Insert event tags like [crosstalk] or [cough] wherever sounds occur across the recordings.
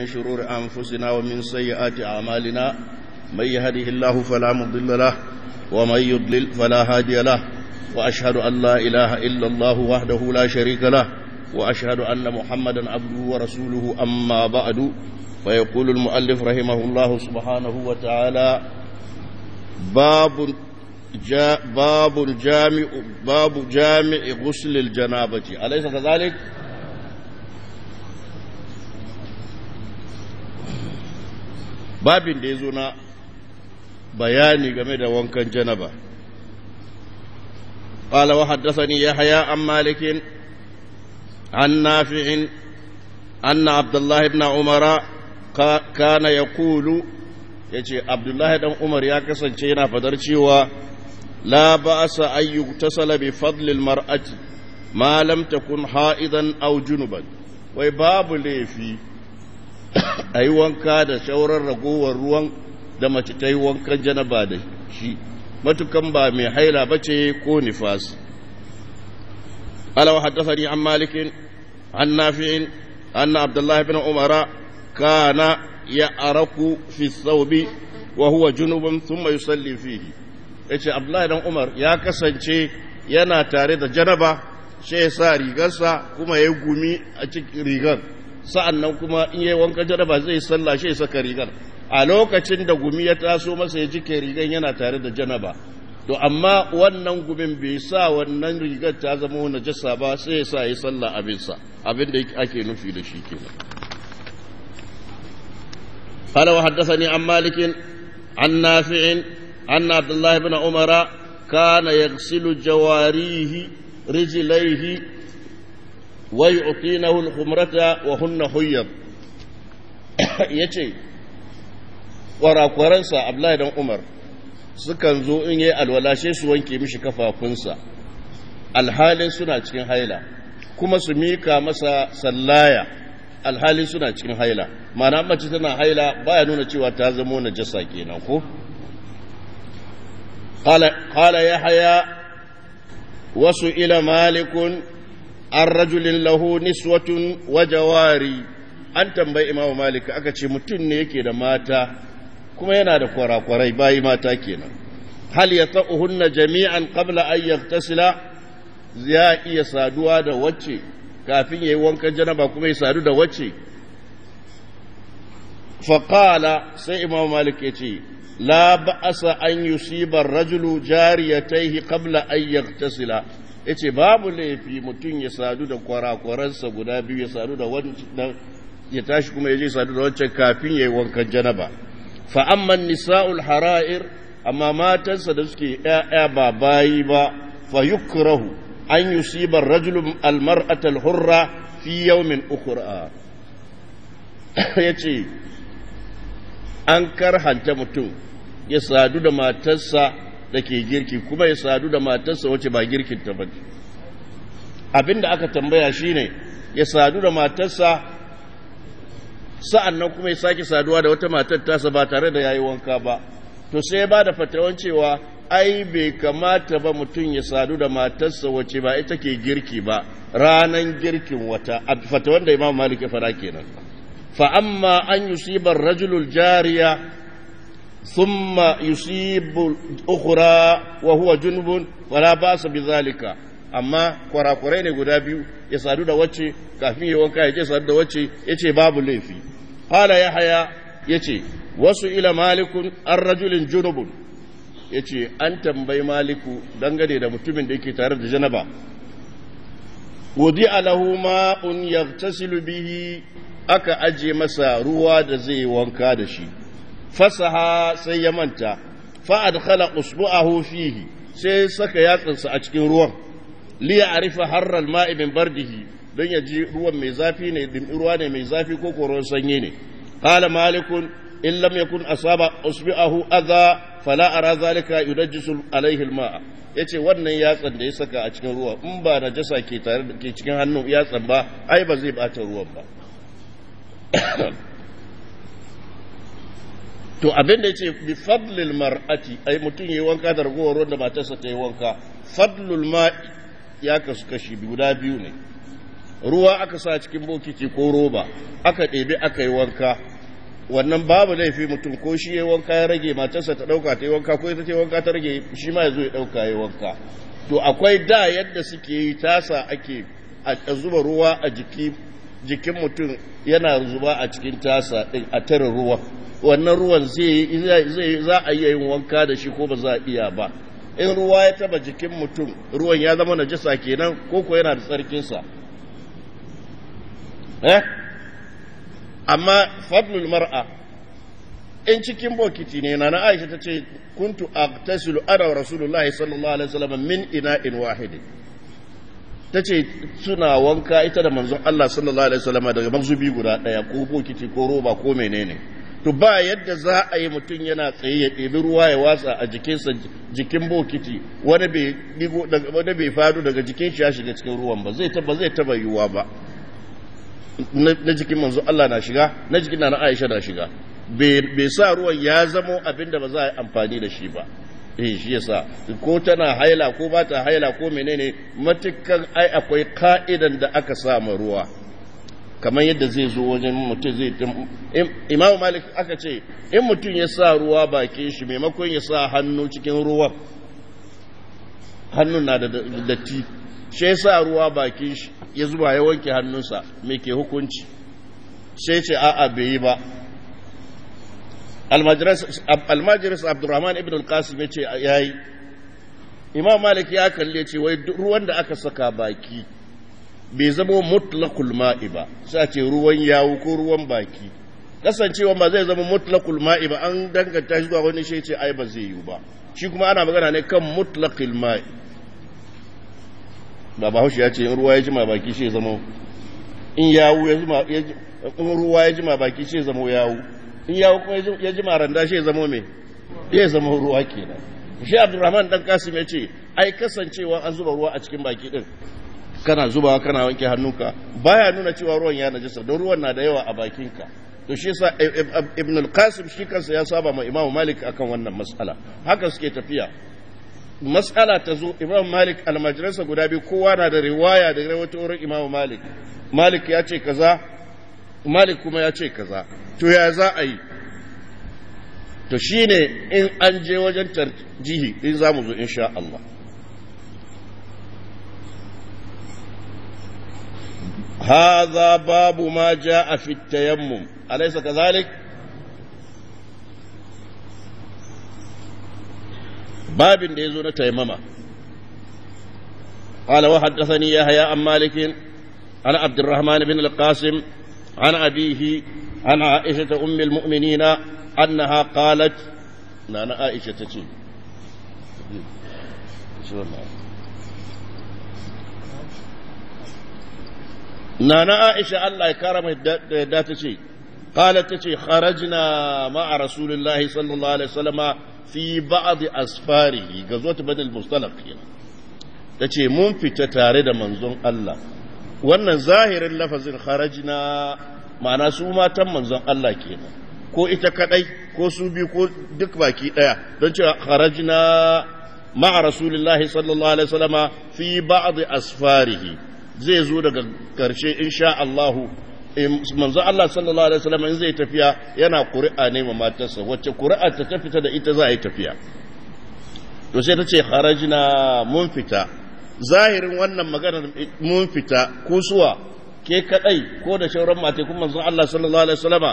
من شرور أنفسنا ومن سيئات أعمالنا من يهده الله فلا مضل له ومن يضلل فلا هادي له وأشهد أن لا إله إلا الله وحده لا شريك له وأشهد أن محمدا عبده ورسوله أما بعد فيقول المؤلف رحمه الله سبحانه وتعالى باب جا باب جامع باب جامع غسل الجنابة أليس كذلك؟ babin da ya zo na bayani game da wankan janaba ƙwalawa haddasani ya haya an malikin an na abdullahi ibn umara kana ya kulu ya ce abdullahi ɗan umar ya kasance na fadar cewa la ba sa bi ta salabi fadlil mar'ati ma kun ha ha'idan au junuban wai babu laifi a yi wanka da shauran ragowar ruwan da mace ta yi wankan janaba da shi matukan ba mai haila ba ce ko nifas alawa ni an malikin an nafi'in na abdullahi bin umara kana ya araku fi saubi wa huwa mai salli fili. Ya ce abdullahi bin umar ya kasance yana tare da janaba shi ya sa rigarsa kuma ya gumi a cikin rigar sa'an nan kuma in yi wanka jaraba zai sallah shi saka rigar a lokacin da gumi ya taso masa ya jike rigar yana tare da janaba to amma wannan gumin bai sa wannan rigar ta zama wani jasa ba sai ya sa ya sallah abinsa Abinda da ake nufi da shi kenan قال وحدثني عن مالك عن نافع أن عبد الله بن عمر كان يغسل جواريه رجليه wa الخمرة وهن Ya ce kwarakwaransa Abdullahi dan Umar sukan zo in yi alwalashe su wanke mishi kafafunsa alhalin suna cikin haila kuma su mika masa sallaya alhalin suna cikin haila mana mace tana haila ya nuna cewa ta zamo najasa kenan ko qala ya haya wasu ila malikun an rajulin lahu niswatun wa jawari an tambayi imamu malik aka ce mutum ne yake da mata kuma yana da kwarakwarai bayi mata kenan hal ya ta'uhunna jami'an qabla an yaghtasila ya iya saduwa da wacce kafin yayi wankan janaba kuma ya sadu da wacce qala sai Imam malik ya ce la ba'asa an yusiba ar-rajulu jariyatayhi qabla an yaghtasila Ya ce babu laifi mutum ya sadu da kwarakwaransa guda biyu ya sadu da wani ya tashi kuma ya je sadu da wancan kafin ya yayi wankan janaba fa amma nisa'ul hara'ir amma matansa da suke ‘ya'ya ba bayi ba fa yukrahu an yusibar rajulun almar'atal hurra fi yaumin ukura [coughs] ya ce an karhanta mutum ya sadu da matarsa da ke girki kuma ya sadu da matarsa wace ba girkin ta ba da aka tambaya shine ya sadu da matarsa sa'an nan kuma ya sake saduwa da wata matar tasa ba tare da yayi wanka ba to sai ya da fatawan cewa ai bai kamata ba mutum ya sadu da matarsa wace ba ita ke girki ba ranan girkin wata A fatawan da Imam Malik ya fara kenan fa amma an yusibar rajulul jariya ثم يصيب الأخرى وهو جنب ولا بأس بذلك amma kwarakwarai ne guda biyu ya sadu da wacce kafin ya wanka ya ce sadu da wacce ya ce babu laifi hala ya haya ya ce wasu ila malikun an rajulin junubun ya ce an tambayi maliku dangane da mutumin da yake tare da janaba wudi alahu ma'un yagtasilu bihi aka aje masa ruwa da zai yi wanka da shi fasaha sai ya manta fa'ad adkhala usbu'ahu fihi sai saka yatsinsa a cikin ruwan li ya'rifa har ma'i min bardihi don ya ji ruwan mai zafi ne ruwa ne mai zafi ko koron sanyi ne qala malikun in lam yakun asaba usbu'ahu adha fala ara zalika yudajjisu alaihi alma'a yace wannan yatsan da ya saka a cikin ruwa in ba najasa ke tare ke cikin hannu yatsan ba ai ba zai bata ruwan ba to abin da yace bi fadlil mar'ati ai mutum yayi wanka da ragowar ruwan da matarsa ta yi wanka fadlul ma'i ya kasu kashi guda biyu ne ruwa aka sa cikin bokiti ko roba aka ɗebi aka yi wanka wannan babu laifi mutum ko shi ya wanka ya rage matarsa ta ɗauka ta yi wanka ko ita ta yi wanka ta rage shi ma ya ya ɗauka ya yi wanka to akwai da yadda suke yi tasa ake a zuba ruwa a jiki jikin mutum yana zuba a cikin tasa ɗin a tare ruwa wannan ruwan zai za a iya yin wanka da shi ko ba za a iya ba in ruwa ya taba jikin mutum ruwan ya zama na najasa kenan ko ko yana da tsarkinsa eh amma fadlul mar'a in cikin bokiti ne na Aisha ta ce kuntu tasiru ana rasulullahi sallallahu alaihi wasallam min ina in wahidi ta ce suna wanka ita da manzon Allah sallallahu alaihi wasallam daga mazubi guda daya ko bokiti ko roba ko menene to ba yadda za a yi mutum yana tsaye ya ɗebi ruwa ya watsa a jikinsa jikin bokiti wani bai digo daga bai daga jikin shi ya shiga cikin ruwan ba zai taba zai taba yiwuwa ba na jikin manzo Allah na shiga na jikin na Aisha na shiga bai sa ruwan ya zamo abinda ba za a yi amfani da shi ba eh shi yasa ko tana haila ko ba ta haila ko menene matukan ai akwai ka'idan da aka sama ruwa kamar yadda zai zo wajen mutum zai imamu malik aka ce in mutum ya sa ruwa bakin shi maimakon ya sa hannu cikin ruwan hannun na da datti shi ya sa ruwa bakin shi ya zuba ya wanke hannunsa me ke hukunci sai ce a'a bai yi ba almajiris abdurrahman ibn al-qasim ya ce ya yi imam malik ya kalle ce wai ruwan da aka saka baki bai zama mutlakul ma'i ba sai ce ruwan yawu ko ruwan baki kasancewa ba zai zama mutlakul ma'i ba an danganta shi zuwa wani shi ce ai ba zai yi ba shi kuma ana magana ne kan mutlakul ma'i ba ba ya ce in ruwa ya jima baki shi zama in yawu ya jima ruwa ya jima baki shi zama yawu in ya ya ji maranda shi ya zama me ya zama ruwa kenan shi abdurrahman dan kasim ya ce ai kasancewa an zuba ruwa a cikin baki din kana zubawa kana wanke hannunka baya nuna cewa ruwan ya najisa don ruwan na da yawa a bakinka to shi yasa eh, eh, ibn al-qasim shi kansa ya saba ma imamu malik akan wannan mas'ala haka suke tafiya mas'ala ta zo imamu malik almajiransa guda biyu kowa na da riwaya da rawaito imam imamu malik malik ya ce kaza malik kuma ya ce kaza ya za a yi to shine in an je wajen tarjihi in za mu zo insha Allah haza babu ma ja a fitayenmu alaisa kazalik babin da ya zo na taimama قال وحدثني يحيى عن مالك عن عبد الرحمن بن القاسم عن أبيه عن عائشة أم المؤمنين أنها قالت نانا عائشة تجي نانا عائشة الله كرم داتشي قالت تجي خرجنا مع رسول الله صلى الله عليه وسلم في بعض أسفاره غزوة بدل المصطلق تجي من في تتارد منظوم الله wannan zahirin lafazin kharajna ma'ana su matan manzon Allah kenan ko ita kadai ko su biyu ko duk baki daya don cewa harajina ma'a rasulullahi sallallahu alaihi wasallama fi ba'd asfarihi zai zo daga karshe insha Allah manzo Allah sallallahu alaihi wasallama in zai tafiya yana ƙuri'a ne ma matarsa wacce qur'a ta tafita fita da ita za a yi tafiya to sai ta ce kharajna mun fita zahirin wannan maganar mun fita kusuwa ke kadai ko da shauran mate kuma manzon Allah sallallahu alaihi wasallama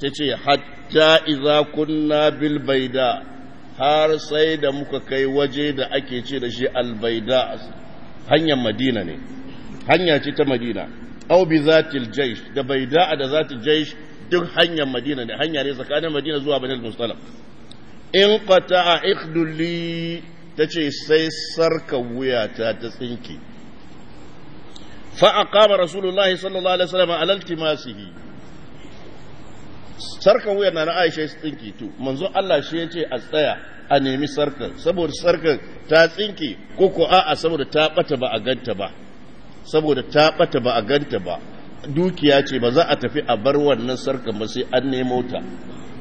tace hatta idza kunna bil baida har sai da muka kai waje da ake ce da shi al baida hanyar Madina ne hanya ce ta Madina aw bi zatil jaysh da baida da zatil jaysh duk hanyar Madina ne hanya ne tsakanin Madina zuwa banil mustalaf in qata'a ikhduli ta ce sai sarka wuyata ta tsinke fa'aƙama rasulullah sallallahu alaihi wasallam alalti masihi sarkan wuyar na na aisha ya tsinke to manzo Allah shi ya ce a tsaya a nemi sarkan saboda sarkan ta tsinke ko ko a'a saboda ta bata ba a ganta ba saboda ta bata ba a ganta ba dukiya ce ba za a tafi a bar wannan sarkan ba sai an nemo ta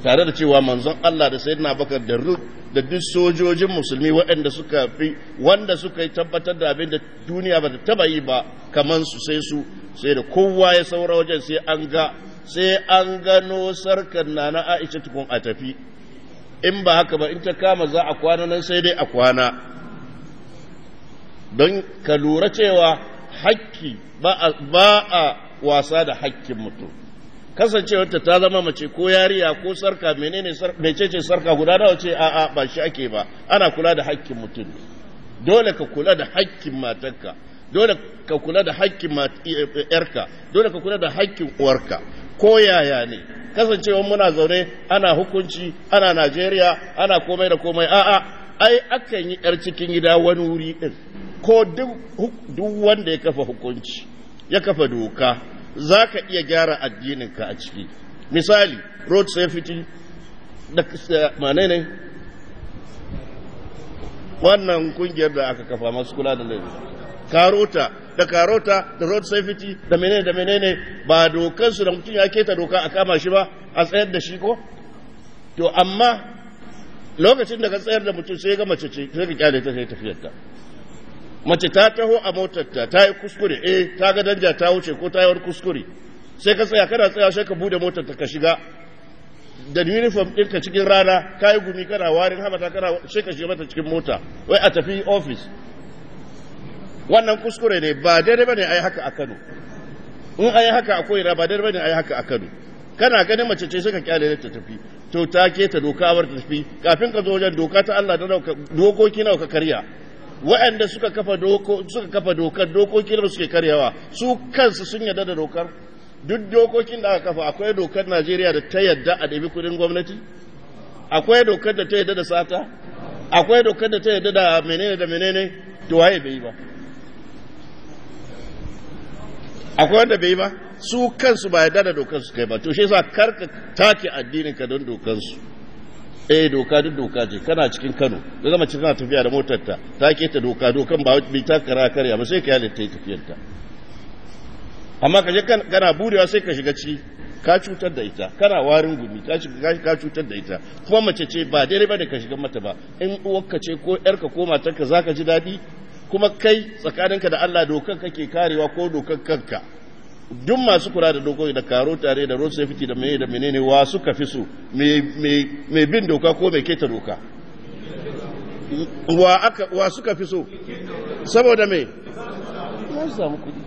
tare da cewa manzon Allah da sayyidina Bakar da da duk sojojin musulmi waɗanda suka fi wanda suka yi tabbatar da abin da duniya ba ta taba yi ba kamar su sai su sai da kowa ya saura wajen sai an ga sai an gano sarkar na na Aisha tukun a tafi in ba haka ba in ta kama za a kwana nan sai dai a kwana don ka lura cewa hakki ba a wasa da hakkin mutum kasancewarta ta zama mace ko yariya ko sarka menene mecece sarka guda nawa ce a'a ba shi ake ba ana kula da haƙƙin mutum ne dole ka kula da haƙƙin matarka dole ka kula da haƙƙin yarka dole ka kula da haƙƙin uwarka ko yaya ne kasancewar muna zaune ana hukunci ana Najeriya ana komai da komai a'a ai akan yi yar cikin gida wani wuri din ko duk wanda ya kafa hukunci ya kafa doka za ka iya gyara addininka a ciki misali road safety da mane ne wannan kungiyar da aka kafa masu kula da laifin karota da karota da road safety da menene da menene ba dokansu da mutum ya keta doka a kama shi ba a tsayar da shi ko to amma lokacin da ka tsayar da mutum sai ga mace ce sai ka kyale ta sai tafiyar ta mace ta taho a motarta ta yi kuskure eh ta ga danja ta wuce ko ta yi wani kuskure sai ka tsaya kana tsaya sai ka bude motar ta ka shiga da uniform ka cikin rana ka yi gumi kana warin ta kana sai ka shiga mata cikin mota wai a tafi ofis wannan kuskure ne ba dare bane ai haka a Kano in ai haka a koyira ba dare bane ai haka a Kano kana ganin mace ce saka kyale ta tafi to ta ke ta doka bar ta tafi kafin ka zo wajen doka ta Allah da dokoki nawa ka karya waɗanda suka kafa doko suka kafa dokar dokokin da suke karyawa su kansu sun yarda da dokar duk dokokin da aka kafa akwai dokar Najeriya da ta yarda a ɗabi kudin gwamnati akwai dokar da ta yarda da sata akwai dokar da ta yarda da menene da menene to waye bai ba akwai wanda bai ba su kansu ba yarda da dokar su kai ba to shi yasa karka take addinin ka don dokar su eh doka duk doka ce kana cikin Kano da zama cikin na tafiya da motar ta ta keta doka dokan ba bi ta kara karya ba sai ka yalle ta tafiyar ta amma kaje kana burewa sai ka shiga ciki ka cutar da ita kana warin gumi ka cutar da ita kuma mace ce ba daidai ba da ka shiga mata ba in uwarka ce ko yarka ko matarka zaka ji daɗi kuma kai tsakaninka da Allah dokar kake karewa ko dokan kanka duk masu kula da dokoki da karo tare da road safety da mai da menene wa suka fi su mai bin doka ko mai keta doka wa suka fi so saboda mai ya samu kudi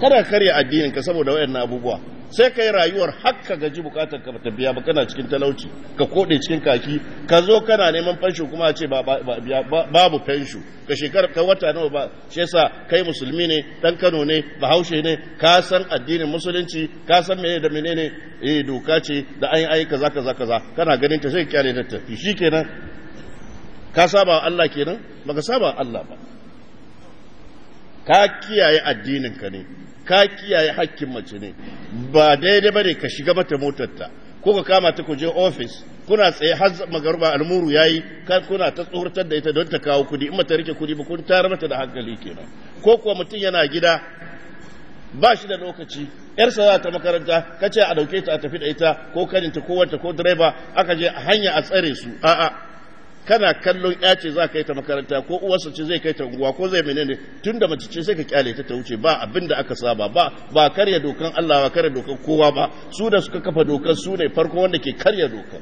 kada karya ka saboda wayannan abubuwa sai kai rayuwar haka gaji bukatar ka ta biya ba kana cikin talauci ka kode cikin kaki ka zo kana neman fansho kuma a ce babu fansho ka shekara ka wata nawa ba shi yasa kai musulmi ne dan Kano ne bahaushe ne ka san addinin musulunci ka san menene da menene eh doka ce da an yi aika kaza kaza kaza kana ganin ta sai ka kyale ta Shi kenan, ka saba Allah kenan baka saba Allah ba ka kiyaye addinin ka ne ka kiyaye hakkin mace ne ba daidai ba ne ka shiga mata motarta ko ka kama ta ku je ofis kuna tsaye har magaruba almuru yayi ka kuna ta tsoratar da ita don ta kawo kudi in mata rike kudi ba kun tayar mata da hankali kenan ko kuwa mutum yana gida ba shi da lokaci yarsa za ta makaranta ka ce a dauke ta a tafi da ita ko kaninta ko wanta ko direba aka je a hanya a tsare su a'a kana kallon ya ce za ka yi ta makaranta ko uwarsa ce zai kai ta unguwa ko zai menene tun da mace ce sai ka kyale ta ta wuce ba abin da aka saba ba ba karya dokan Allah ba karya dokan kowa ba su da suka kafa dokan su ne farko wanda ke karya dokan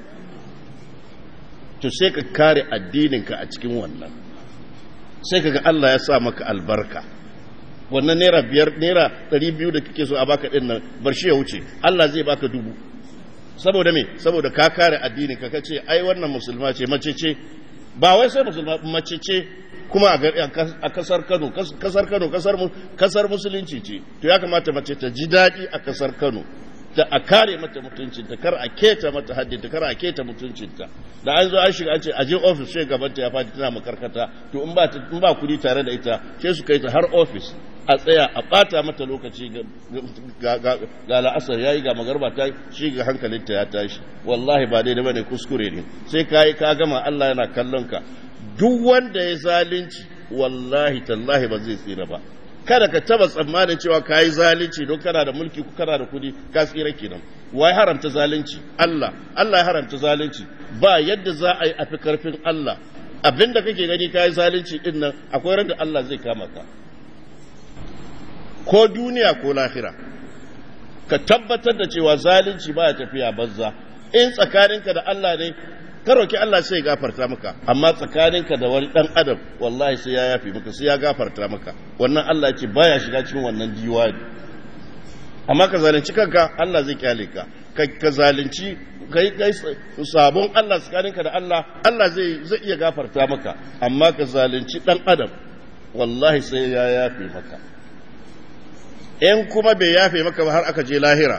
to sai ka kare addininka a cikin wannan sai ka ga Allah ya sa maka albarka wannan naira biyar naira ɗari biyu da kake so a baka ɗin nan bar shi ya wuce Allah zai baka dubu saboda me saboda ka kare addini ka kace ai wannan musulma ce mace ce ba wai sai musulma mace ce kuma a kasar Kano kasar Kano kasar musulunci ce to ya kamata mace ta ji daɗi a kasar Kano ta a kare mata mutuncinta kar a keta mata haddinta kar a keta mutuncinta da an zo an shiga an ce a je ofis sai gabanta ya fadi tana makarkata to in ba in ba kudi tare da ita sai su kai ta har ofis a tsaya a bata mata lokaci ga ga la'asar yayi ga magarba ta shi ga hankalinta ya tashi wallahi ba daidai bane kuskure ne sai kai ka gama Allah yana kallon ka duk wanda ya zalunci wallahi tallahi ba zai tsira ba kada ka taba tsammanin cewa ka yi zalunci don kana da mulki ko kana da kudi ka tsira kenan wai haramta zalunci Allah Allah ya haramta zalunci ba yadda za a yi a fi karfin Allah abinda kake gani ka yi zalunci din nan akwai ran da Allah zai kama ka ko duniya ko lahira ka tabbatar da cewa zalunci ba ya tafiya banza in tsakaninka da Allah ne ka roki Allah sai ya gafarta maka amma tsakaninka da wani dan adam wallahi sai ya yafi maka sai ya gafarta maka wannan Allah ce baya shiga cikin wannan diwani amma ka zalunci kanka Allah zai kyale ka ka zalunci kai kai sabon Allah tsakaninka da Allah Allah zai zai iya gafarta maka amma ka zalunci dan adam wallahi sai ya yafe maka in kuma bai yafe maka ba har aka je lahira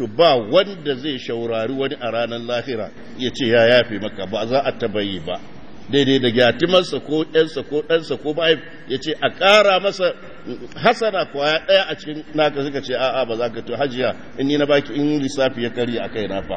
to ba wanda zai shaurari wani a ranar lahira ya ce ya yafe maka ba za a tabayi ba daidai da gyatimarsa ko ɗansa ko ɗansa ko ba ya ce a ƙara masa ko kwaya ɗaya a cikin naka suka ce a'a ba za ka to hajiya in ni na baki in lissafi ya karye a kai na fa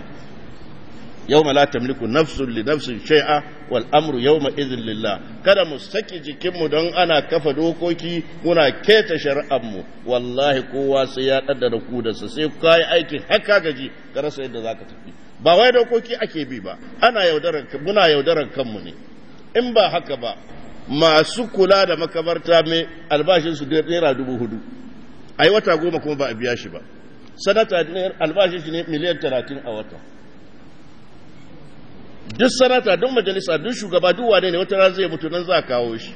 yau la tamliku nafsun li nafsin shay'a wal amru yawma idhin lillah kada mu saki jikin mu don ana kafa dokoki muna keta shari'ar mu wallahi kowa sai ya da ku da su sai kai aikin haka gaji ka rasa yadda zaka tafi ba wai dokoki ake bi ba ana yaudaran muna yaudaran kanmu ne in ba haka ba masu kula da makabarta mai albashin su naira dubu hudu a yi wata goma kuma ba a biya shi ba sanata albashin shi ne miliyan talatin a wata duk sanata duk majalisa duk shugaba duk wane ne wata rana zai mutu nan za a kawo shi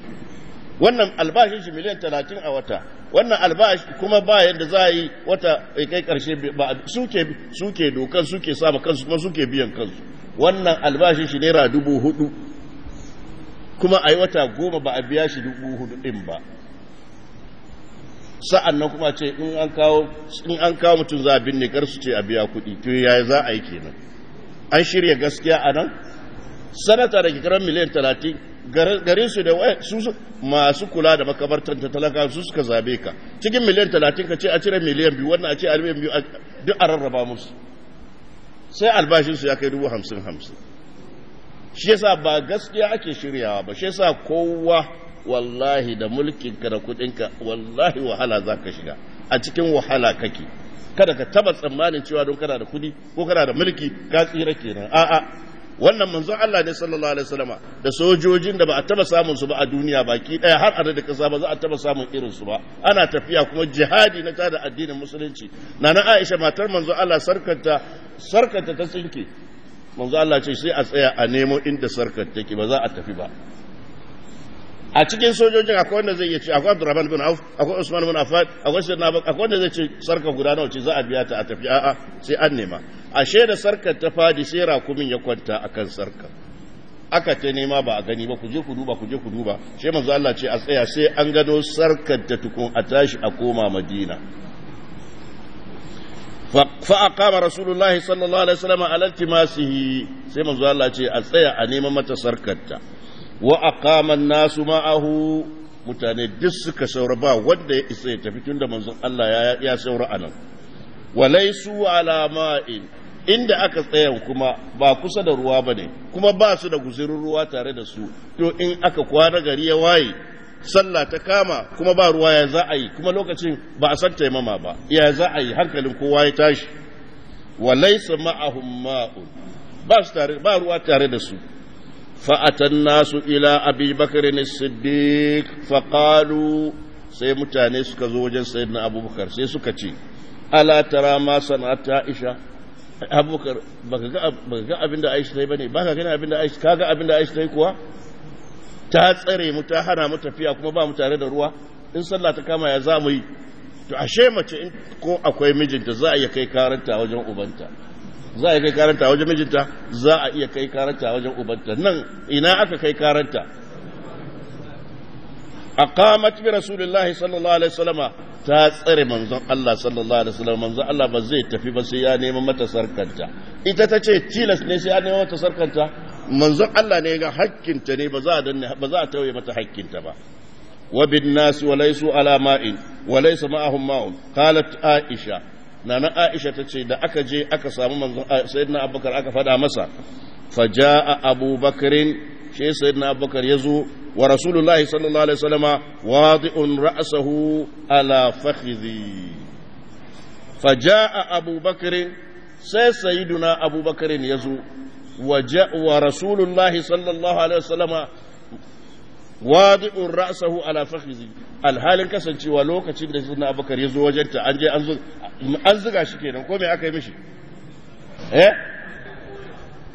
wannan albashin shi miliyan talatin a wata wannan albashi kuma ba yadda za a yi wata kai karshe ba suke suke dokan suke sama kansu kuma suke biyan kansu wannan albashin shi naira dubu hudu kuma a yi wata goma ba a biya shi dubu hudu din ba sa'an nan kuma ce in an kawo mutum za a binne kar su ce a biya kuɗi to yaya za a yi kenan an shirya gaskiya a nan sanata da kiran miliyan talatin garin su da su masu kula da makabartar ta talaka su suka zabe ka cikin miliyan talatin ka ce a cire miliyan biyu wannan a ce a miliyan biyu duk a rarraba musu sai albashinsu ya kai dubu hamsin hamsin shi yasa ba gaskiya ake shiryawa ba shi yasa kowa wallahi da mulkinka da kudinka wallahi wahala za ka shiga a cikin wahala kake kada ka taba tsammanin cewa don kana da kudi ko kana da mulki ka tsira kenan a'a wannan manzo Allah ne sallallahu alaihi wasallama da sojojin da ba a taba samun su ba a duniya baki daya har a da kasa ba za a taba samun irin su ba ana tafiya kuma jihadi na tada addinin musulunci nana Aisha matar manzo Allah sarkanta sarkanta ta tsinke manzo Allah ce sai a tsaya a nemo inda sarkar take ba za a tafi ba a cikin sojojin akwai wanda zai iya ce akwai Abdurrahman bin Auf akwai Usman bin Affan akwai Sayyidina Abubakar akwai wanda zai ce sarka guda nawa ce za a biya ta a tafi a'a sai an nema ashe da sarkar ta fadi sai rakumin ya kwanta akan sarkar aka ta nema ba a gani ba ku je ku duba ku je ku duba sai manzo Allah ce a tsaya sai an gano sarkar ta tukun a tashi a koma Madina فأقام رسول الله صلى الله عليه وسلم sai manzo Allah ce a tsaya a neman mata sarkar ta. wa aqaman nasu ma'ahu mutane duk suka saura ba wanda ya isa ya tafi tunda manzon Allah ya saura anan walaisu ala ma'in inda aka tsaya kuma ba kusa da ruwa bane kuma ba su da guzurin ruwa tare da su to in aka kwana gari ya waye sallah ta kama kuma ba ruwa ya za a yi kuma lokacin ba a san taimama ba ya za a yi hankalin kowa ya tashi wa laysa ma'ahum ma'un ba su tare ba ruwa tare da su فأتى nasu ila أبي بكر الصديق فقالوا sai mutane suka zo wajen sayyidina abubakar sai suka ce ala tara ma sana'ata aisha abubakar ga abin da aisha tai bane baka gani abin da aisha kaga abin da aisha tai kuwa ta tsare mu ta hana mu tafiya kuma ba mu tare da ruwa in sallah ta kama ya za mu yi to ashe mace in ko akwai mijinta za a iya kai karanta wajen ubanta za a kai karanta wajen mijinta za a iya kai karanta wajen ubanta nan ina aka kai karanta aqamat bi rasulillahi sallallahu alaihi wasallama ta tsare manzon Allah sallallahu alaihi wasallam manzon Allah ba zai tafi ba sai ya neman mata sarkanta ita ta ce tilas ne sai ya nema mata sarkanta manzon Allah ne ga hakkinta ne ba za a danne ba za a tauye mata hakkinta ba wa bin nas wa laysu ala ma'in wa laysa ma'ahum ma'un qalat aisha nana aisha ta ce da aka je aka samu manzon sayyidina abubakar aka faɗa masa faja'a abubakarin shi sayyidina abubakar ya zo wa rasulullahi sallallahu alaihi wasallama wadi'un ra'sahu ala fakhidhi faja'a abubakarin sai sayyiduna abubakarin ya zo wa rasulullahi sallallahu alaihi wasallama wadi'un ra'sahu ala fakhizi alhalin kasancewa lokacin da sunna abakar ya zo wajen ta an je an zuga shi kenan ko me aka yi mishi eh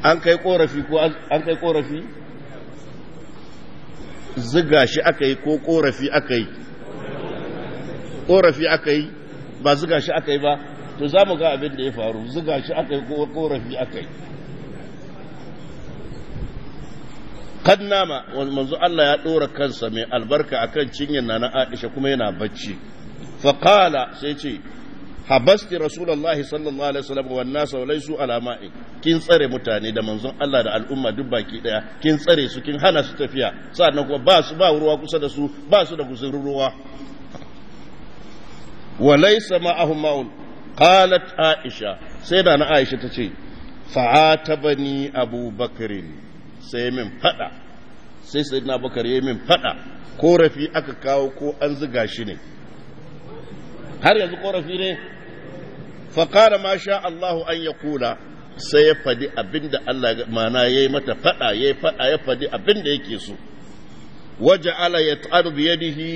an kai korafi ko an kai korafi zuga shi aka yi ko korafi aka yi korafi aka yi ba zuga shi aka yi ba to za mu ga abin da ya faru zuga shi aka yi ko korafi aka yi kad nama manzo Allah ya dora kansa mai albarka akan cinyar na Aisha kuma yana bacci fa qala sai ce habasti rasulullahi sallallahu alaihi wasallam wa nasa wa laysu ala ma'i kin tsare mutane da manzon Allah da al'umma duk baki daya kin tsare su kin hana su tafiya sannan kuma ba su ba ruwa kusa da su ba su da guzurin ruwa wa laysa ma'ahum ma'un qalat aisha sai da na aisha tace fa'atabani abubakrin sai min fada sai sayyidina bakar ya min fada korafi aka kawo ko an ziga shi ne har yanzu korafi ne faƙara ma sha Allahu an ya kula sai ya fadi abinda Allah mana ya yi mata fada ya yi fada ya fadi abinda yake so waja'ala yat'aru bi yadihi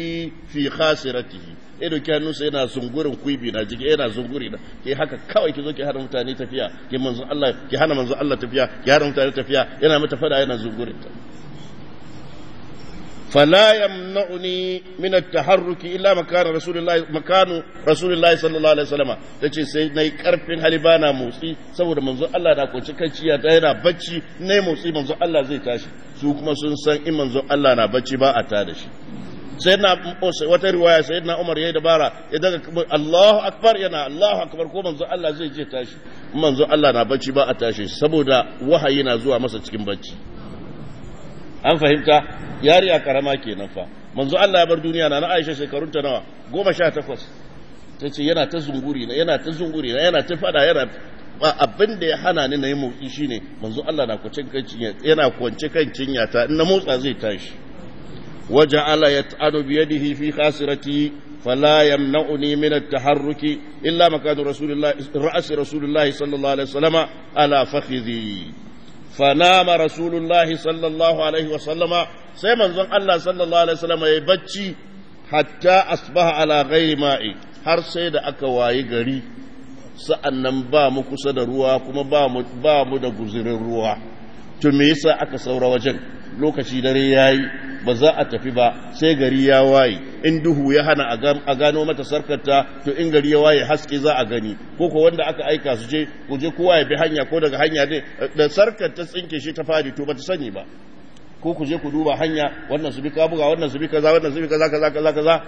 fi khasiratihi ido ki hannunsa yana zungurin kuibi na jiki yana zunguri na ke haka kawai ki zo ki hana mutane tafiya ki manzo Allah ki hana manzo Allah tafiya ki hana mutane tafiya yana mata fada yana zungurin ta فلا يمنعني من التحرك الا مكان رسول الله مكان رسول الله صلى الله عليه وسلم tace sai nayi karfin hali bana motsi saboda manzo Allah na kwanci kanciya ta yana bacci nayi motsi manzo Allah zai tashi su kuma sun san in manzo Allah na bacci ba a ta da shi sayyidina wata riwaya sayyidina Umar yayi dabara ya daga Allahu akbar yana Allahu akbar ko manzo Allah zai je tashi manzo Allah na bacci ba a tashi saboda wahayi na zuwa masa cikin bacci an fahimta yari a karama kenan fa manzo Allah ya bar duniya na na Aisha shekarun ta nawa goma sha takwas ta ce yana ta zunguri na yana ta zunguri na yana ta fada yana ba abin da ya hana ni na yi motsi shine manzo Allah na kwance kan cinya yana kwance kan cinya ta in na motsa zai tashi waja'ala yat'adu bi yadihi fi khasirati فلا يمنعني من التحرك إلا مكان رسول الله رأس رسول sallallahu alaihi الله عليه وسلم على fanama rasulullahi sallallahu alaihi wasallama sai manzon Allah sallallahu alaihi wasallama ya bacci hatta asbaha ala ghairi har sai da aka wayi gari sa'an nan ba mu kusa da ruwa kuma ba mu da guzurin ruwa to me yasa aka saura wajen lokaci dare ya yi ba za a tafi ba sai gari ya waye in duhu ya hana a gano mata sarkarta to in gari ya waye haske za a gani ko ko wanda aka aika su je ku je kowa ya bi hanya ko daga hanya ne da sarkar ta tsinke shi ta fadi to bata sani ba ko ku je ku duba hanya wannan su bi kabuga wannan su bi kaza wannan su bi kaza kaza kaza kaza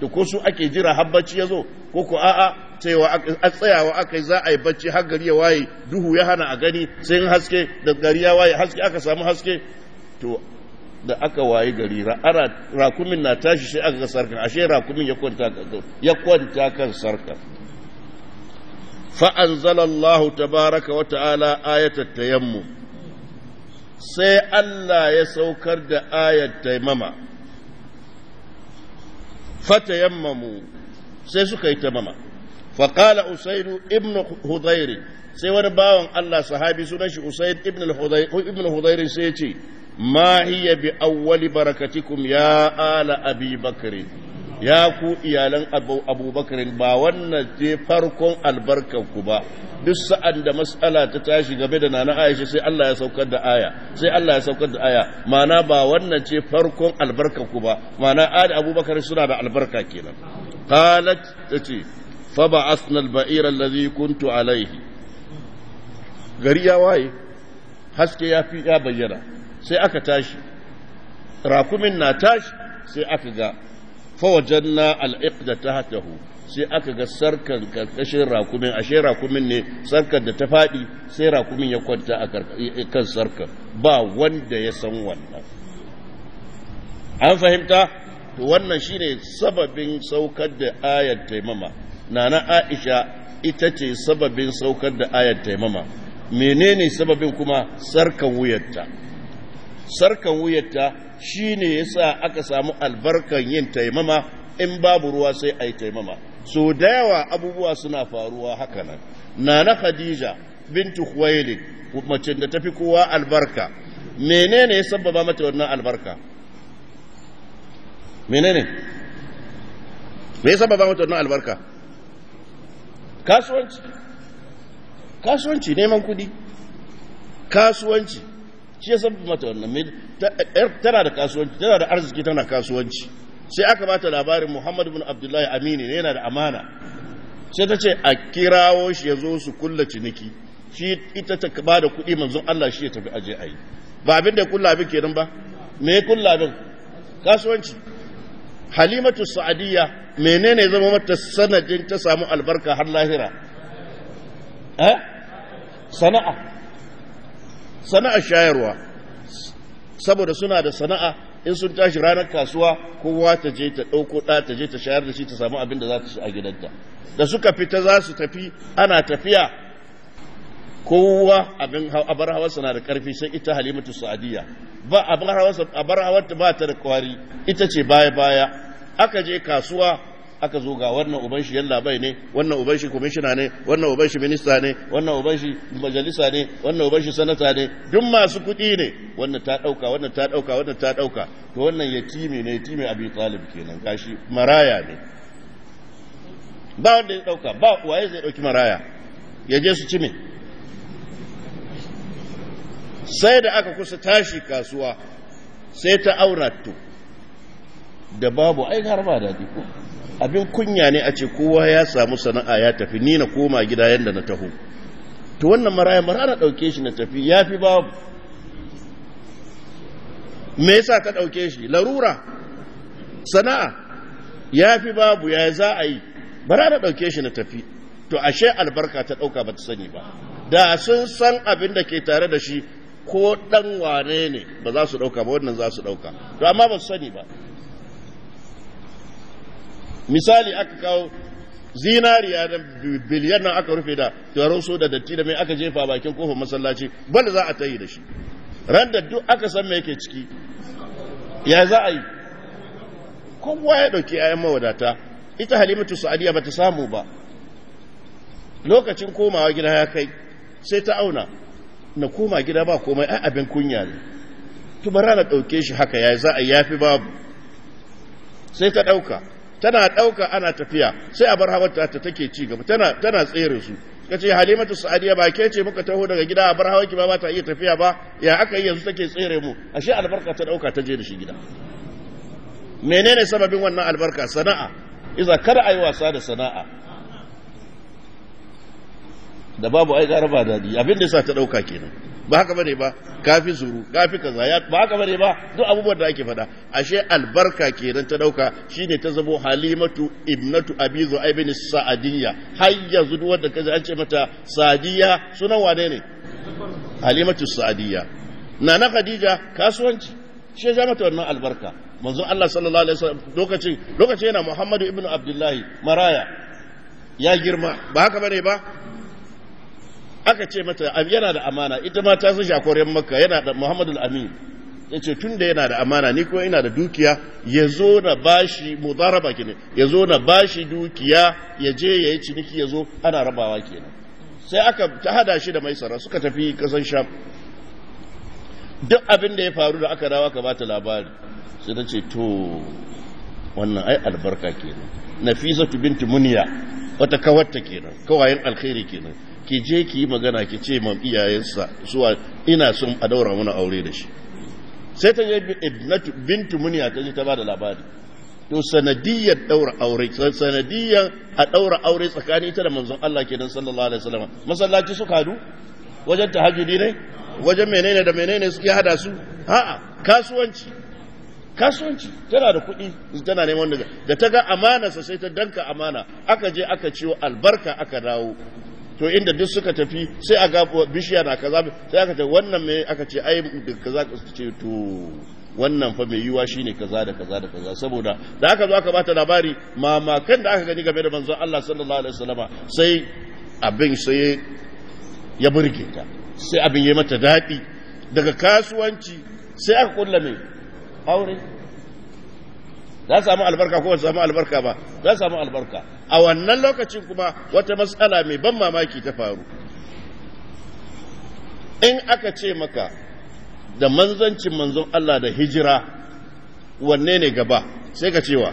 to ko su ake jira har bacci ya zo ko ko a'a cewa a tsayawa aka za a yi bacci har gari ya waye duhu ya hana a gani sai in haske da gari ya waye haske aka samu haske to da aka wayi gari rakumin na tashi sai aka ga sarkar ashe rakumin ya kwanta kan sarkar anzalallahu tabaraka wa ta'ala ayatar tayammum sai Allah ya saukar da ayat fa tayammamu sai suka yi fa qala usayd ibn hudayr sai wani bawan Allah sahabi sunan shi usain ibn hudayr sai ya ce ma hiya bi awwali barakatikum ya ala abi bakri ya ku iyalan abu abubakar ba wannan ce farkon albarkanku ba duk sa'an da matsala ta tashi game da nana aisha sai Allah ya saukar da aya sai Allah ya saukar da aya mana ba wannan ce farkon albarkanku ba mana ali abubakar suna da albarka kenan qalat tace fa ba'athna al-ba'ira alladhi kuntu alayhi gari ya waye haske ya fi ya bayyana sai aka tashi rakumin na tashi sai aka ga fawajen na da ta hatahu sai aka ga sarkar karkashin rakumin ashe rakumin ne sarkar da ta faɗi sai rakumin ya kwanta a kan sarkar ba wanda ya san wannan an fahimta to wannan shine sababin saukar da ayar taimama nana aisha ita ce sababin saukar da ayar taimama menene sababin kuma sarkar wuyarta sarkan wuyarta shine yasa aka samu albarkan yin taimama in babu ruwa sai a yi taimama so da yawa abubuwa suna faruwa haka nan nana khadija bintu khuwailid mace da tafi kowa albarka menene ya sabbaba mata wannan albarka menene me ya sabbaba mata wannan albarka kasuwanci kasuwanci neman kudi kasuwanci shi ya san mata wannan tana da kasuwanci tana da arziki tana kasuwanci sai aka bata labarin Muhammad bin Abdullahi Amini ne yana da amana sai ta ce a kirawo shi ya zo su kulla ciniki shi ita ta ba da kuɗi manzon Allah shi ya tafi aje a yi ba abin da ya kulla abin kenan ba me ya kulla abin kasuwanci halimatu sa'adiyya menene zama mata sanadin ta samu albarka har lahira eh sana'a sana'ar shayarwa saboda suna da sana'a in sun tashi ranar kasuwa kowa ta je ta ɗauko ɗa ta je ta shayar da shi ta samu abin da za ta ci a gidanta da suka fita za su tafi ana tafiya kowa abin abar hawarsa na da ƙarfi sai ita halimatu sa'adiyya ba abar hawarsa abar hawarta ba ta da kwari ita ce baya baya aka je kasuwa aka zo ga wannan uban shi yalla bai ne wannan uban shi Komishina ne wannan uban shi minista ne wannan uban shi majalisa ne wannan uban shi sanata ne duk masu kuɗi ne wannan ta dauka wannan ta dauka wannan ta dauka to wannan yatimi ne yatimi abi talib kenan gashi maraya ne ba wanda ya dauka ba waye zai dauki maraya ya je su ci me sai da aka kusa tashi kasuwa sai ta auratu da babu ai har ba daɗi ko abin kunya ne a ce kowa ya samu sana'a ya tafi ni na koma gida yadda na taho to wannan maraya mara na ɗauke shi na tafi ya fi babu me yasa ka ɗauke shi larura sana'a ya fi babu ya za a yi bara na ɗauke shi na tafi to ashe albarka ta ɗauka ba ta sani ba da sun san abin da ke tare da shi ko ɗan wane ne ba za su ɗauka ba wannan za su ɗauka to amma ba su sani ba misali aka kawo zinariya da biliyar nan aka rufe da taron so da datti da mai aka jefa bakin kofar masallaci banda za a tayi da shi ran da duk aka san me yake ciki ya za a yi kowa ya dauki ayan mawadata ita halimatu sa'adiya bata samu ba lokacin komawa gida ya kai sai ta auna na koma gida ba komai ai abin kunya ne tubara na dauke shi haka ya za a yafi babu sai ta dauka tana ɗauka ana tafiya sai a bar hawarta ta take ci gaba tana tana tsere su ka ce halimatu sa'adiya ba ke ce muka taho daga gida a bar ki ba ba ta iya tafiya ba ya aka yi yanzu take tsere mu ashe albarka ta ɗauka ta je da shi gida menene sababin wannan albarka sana'a iza kar ayi wasa da sana'a da babu ai gara ba daɗi abin da sa ta ɗauka kenan ba haka bane ba kafi zuru kafi kaza ya ba haka bane ba duk abubuwan da ake faɗa ashe albarka kenan ta dauka shine ta zabo halimatu ibnatu abi zu'aib sa'adiyya har yanzu duk wanda kaza an ce mata sa'adiyya sunan wane ne halimatu sa'adiyya nana khadija kasuwanci shi ya mata wannan albarka manzo Allah sallallahu alaihi wasallam lokaci lokacin yana Muhammadu ibnu Abdullahi maraya ya girma ba haka bane ba aka ce mata yana da amana ita ma ta san shakoren makka yana da muhammadu amin ya ce tun da yana da amana ni kuma yana da dukiya ya zo na bashi mudaraba kenan ya zo na bashi dukiya ya je ya yi ciniki ya zo ana rabawa kenan sai aka ta hada shi da mai maisara suka tafi kasan sham duk abin da ya faru da aka rawa ka bata labari sai ta ce to wannan ai albarka kenan nafisatu binti muniya wata kawarta kenan kawayen alkhairi kenan ki je ki yi magana ki ce ma iyayensa zuwa ina son a daura mana aure da shi sai ta je bintu muniya ta je ta bada labari to sanadiyar daura aure sanadiyar a daura aure tsakanin ita da manzon Allah kenan sallallahu alaihi wasallam masallaci su kadu? wajen tahajjudi ne wajen menene da menene suke hada su a'a kasuwanci kasuwanci tana da kuɗi tana neman da ta ga amana sai ta danka amana aka je aka ciwo albarka aka dawo to inda duk suka tafi sai a ga bishiya na kaza sai aka ce wannan me aka ce ai kaza ka ce to wannan fa mai yiwa shine kaza da kaza da kaza saboda da aka zo aka bata labari mamakan da aka gani game da manzon Allah sallallahu alaihi wasallama sai abin sai ya burge ta sai abin ya mata daɗi daga kasuwanci sai aka kulla mai aure za samu albarka ko ba samu albarka ba za samu albarka a wannan lokacin kuma wata matsala mai ban mamaki ta faru in aka ce maka da manzancin manzon Allah da hijira wanne ne gaba sai ka cewa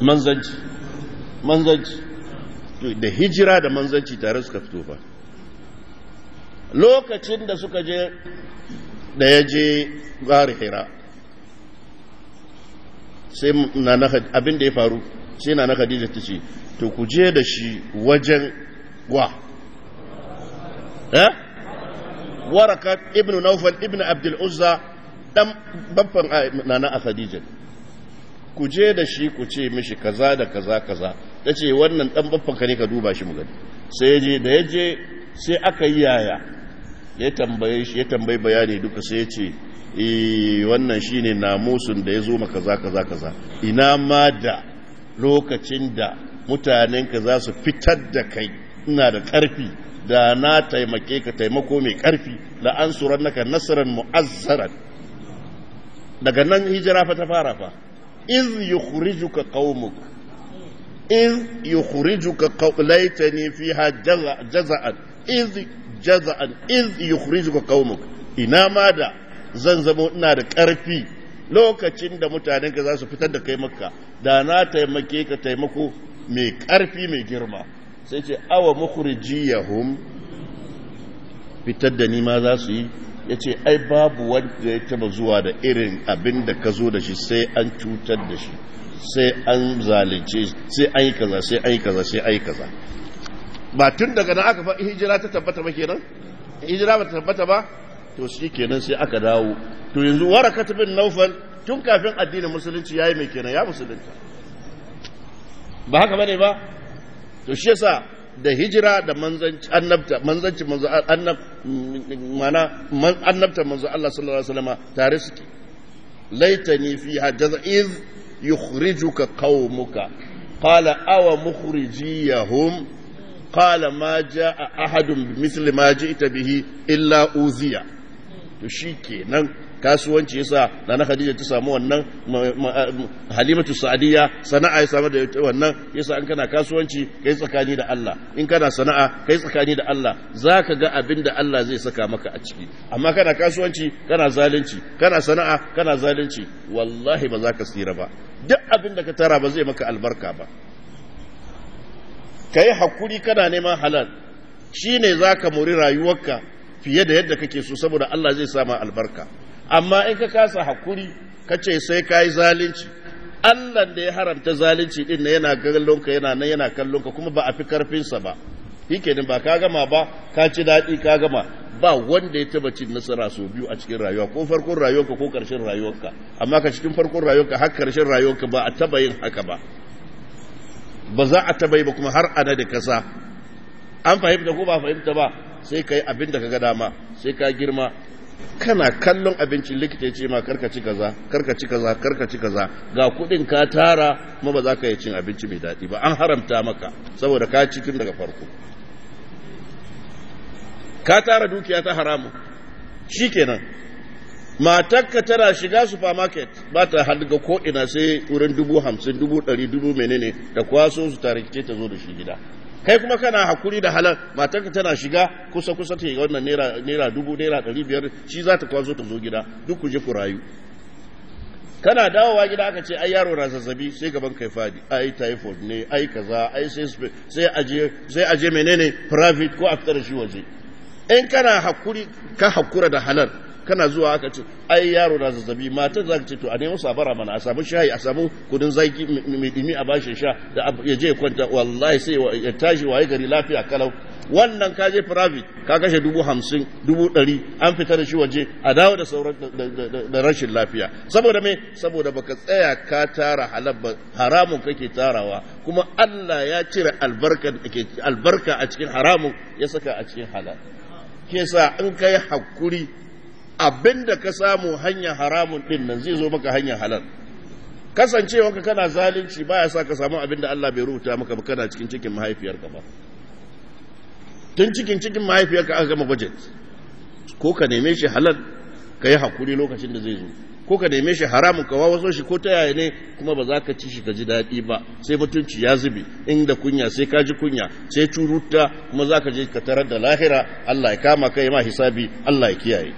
manzanci manzanci da hijira da manzanci tare suka fito ba lokacin da suka je da ya je gari hira sai na abin da ya faru sai na na khadija ta ce to ku je da shi wajen wa eh waraka ibnu naufal ibnu abdul uzza dan babban nana eh, a khadija ku je da shi ku ce mishi kaza da kaza kaza ta ce wannan dan babban ka ne ka duba shi mu gani sai ya je da ya je sai aka yi yaya ya tambaye shi ya tambayi bayani duka sai ya ce eh wannan shine namusun da ya zo maka kaza kaza kaza ina ma da lokacin da mutanenka za su fitar da kai ina da ƙarfi da na taimake ka taimako mai ƙarfi da an tsoron naka nasarar mu'azzara daga nan hijira fa ta fara fa In In iz yukhrijuka qaumuk iz yukhrijuka laitani fiha jaza'an in yi iz yukhrijuka qaumuk ina ma da zan zamo ina da ƙarfi lokacin da mutanen ka za su fitar da kai makka da na taimake ka taimako mai ƙarfi mai girma sai ce awa mukhrijiyahum fitar da ni ma za su yi ya ce ai babu wanda ya taba zuwa da irin abin da ka zo da shi sai an cutar da shi sai an zalunce sai an yi kaza sai an yi kaza sai an yi kaza ba tun daga nan aka hijira ta tabbata ba kenan hijira ba ta tabbata ba to shi kenan sai aka dawo to yanzu warakat bin naufal tun kafin addinin musulunci yayi mai kenan ya musulunta ba haka bane ba to shi yasa da hijira da manzanci annabta manzanci manzo annab mana annabta manzo Allah sallallahu alaihi wasallam tare suke laitani fiha jaz'iz yukhrijuka qaumuka qala aw mukhrijiyahum قال ما جاء ahadun بمثل ما جئت bihi illa uziya. to shi kenan kasuwanci yasa da na Khadija ta samu wannan Halimatu Sa'diya sana'a ya samu da wannan yasa in kana kasuwanci kai tsakani da Allah in kana sana'a kai tsakani da Allah zaka ga abin da Allah zai saka maka a ciki amma kana kasuwanci kana zalunci kana sana'a kana zalunci wallahi ba za ka tsira ba duk abin da ka tara ba zai maka albarka ba kai hakuri kana neman halal za ka muri rayuwarka fiye da yadda kake so saboda Allah zai sama albarka amma in ka kasa hakuri ka ce sai ka yi zalunci Allah da ya haramta zalunci din na yana kallon ka yana nan yana kallon ka kuma ba a fi karfinsa ba din ba ka gama ba ka ci daɗi ka gama ba wanda ya taba cin nasara sau biyu a cikin rayuwa ko farkon rayuwarka ko ƙarshen rayuwarka amma ka cikin farkon rayuwarka har rayuwar rayuwarka ba a taba yin haka ba ba za a taba yi ba kuma har ana da kasa an fahimta ko ba fahimta ba sai ka yi abin da ka ga dama sai ka girma kana kallon abincin likita ya ce ma karka ci kaza karka ci kaza karka ci kaza ga kudin ka tara kuma ba za ka yi cin abinci mai daɗi ba an haramta maka saboda ka ci tun daga farko ka tara dukiya ta haramu shikenan ka tana shiga supermarket ba ta halga ko ina sai wurin dubu hamsin dubu ɗari dubu menene da kwaso su tarike ta zo da shi gida kai kuma kana hakuri da halal matarka tana shiga kusa kusa ta yi wannan naira dubu naira ɗari biyar shi za ta kwazo ta zo gida duk ku je ku rayu kana dawowa gida aka ce ai yaro na zazzabi sai gaban kai fadi ai typhoid ne ai kaza ai sai sai aje sai aje menene private ko after shi waje in kana hakuri ka hakura da halar. kana zuwa aka ce ai yaro na zazzabi mata za ka ce to a nemo sabara mana a samu shayi a samu kudin zaki mai dimi a bashi sha da ya je kwanta wallahi sai ya tashi waye gari lafiya kalau wannan ka je private ka kashe dubu hamsin dubu ɗari an fita da shi waje a dawo da sauran da rashin lafiya saboda me saboda baka tsaya ka tara halabar ba haramun kake tarawa kuma Allah ya cire albarka a cikin haramun ya saka a cikin halal kesa in kai hakuri abinda ka samu hanya haramun din nan zai zo maka hanya halal kasancewanka kana zalunci ba ya sa ka samu abinda Allah bai rubuta maka ba kana cikin cikin mahaifiyarka ba tun cikin cikin mahaifiyarka aka gama budget ko ka neme shi halal ka yi hakuri lokacin da zai zo ko ka neme shi haramun ka wawaso shi ko ta yaya ne kuma ba za ka ci shi ka ji daɗi ba sai mutunci ya zubi inda kunya sai ka ji kunya sai curuta kuma za ka je ka tarar da lahira Allah ya kama kai ma hisabi Allah ya kiyaye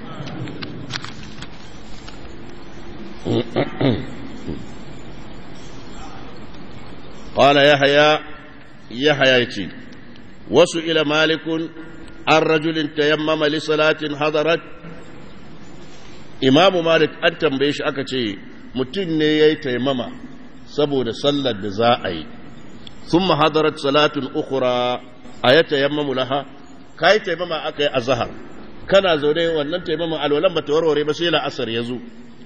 قال يحيى يحيى يتي وسئل مالك عن رجل تيمم لصلاة حضرت imamu malik an tambaye shi aka ce mutum ne ya yi taimama saboda sallar da za a yi sun mahadarar salatun ukura a ya tayammamu laha ka yi taimama aka yi azahar kana zaune wannan taimama alwalan ba ta warware ba sai la'asar ya zo